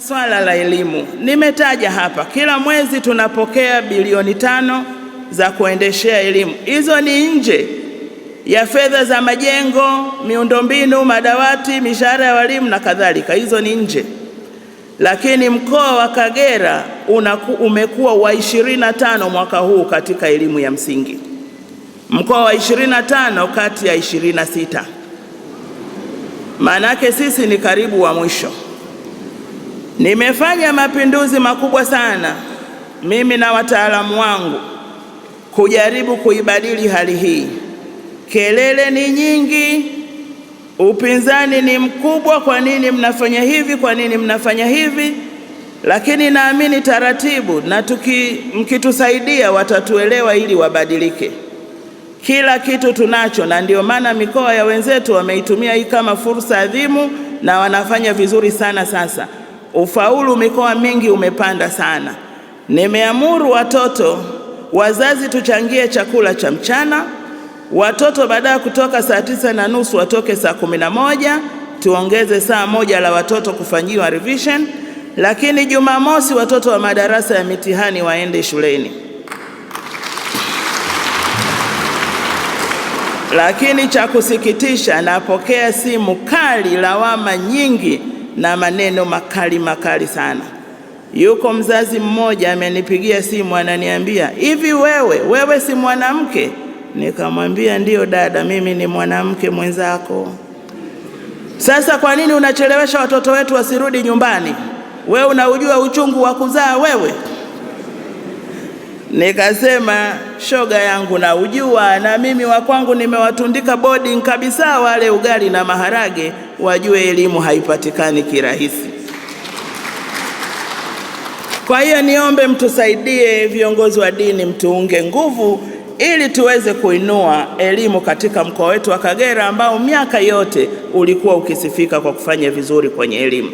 Swala la elimu nimetaja hapa, kila mwezi tunapokea bilioni tano za kuendeshea elimu. Hizo ni nje ya fedha za majengo, miundombinu, madawati, mishahara ya walimu na kadhalika, hizo ni nje. Lakini mkoa wa Kagera unaku, umekuwa wa 25 mwaka huu katika elimu ya msingi, mkoa wa 25 kati ya 26. Maana sisi ni karibu wa mwisho. Nimefanya mapinduzi makubwa sana mimi na wataalamu wangu kujaribu kuibadili hali hii. Kelele ni nyingi, upinzani ni mkubwa, kwa nini mnafanya hivi, kwa nini mnafanya hivi? Lakini naamini taratibu na tuki mkitusaidia watatuelewa ili wabadilike. Kila kitu tunacho, na ndio maana mikoa ya wenzetu wameitumia hii kama fursa adhimu na wanafanya vizuri sana sasa. Ufaulu mikoa mingi umepanda sana. Nimeamuru watoto wazazi tuchangie chakula cha mchana. Watoto baada ya kutoka saa tisa na nusu watoke saa kumi na moja tuongeze saa moja la watoto kufanyiwa revision, lakini Jumamosi watoto wa madarasa ya mitihani waende shuleni. Lakini cha kusikitisha, napokea simu kali, lawama nyingi na maneno makali makali sana. Yuko mzazi mmoja amenipigia simu ananiambia, hivi wewe wewe si mwanamke? Nikamwambia ndiyo dada, mimi ni mwanamke mwenzako. Sasa kwa nini unachelewesha watoto wetu wasirudi nyumbani? Wewe unaujua uchungu wa kuzaa wewe? Nikasema shoga yangu, na ujua na mimi wa kwangu nimewatundika boarding kabisa, wale ugali na maharage, wajue elimu haipatikani kirahisi. Kwa hiyo niombe mtusaidie, viongozi wa dini, mtuunge nguvu ili tuweze kuinua elimu katika mkoa wetu wa Kagera ambao miaka yote ulikuwa ukisifika kwa kufanya vizuri kwenye elimu.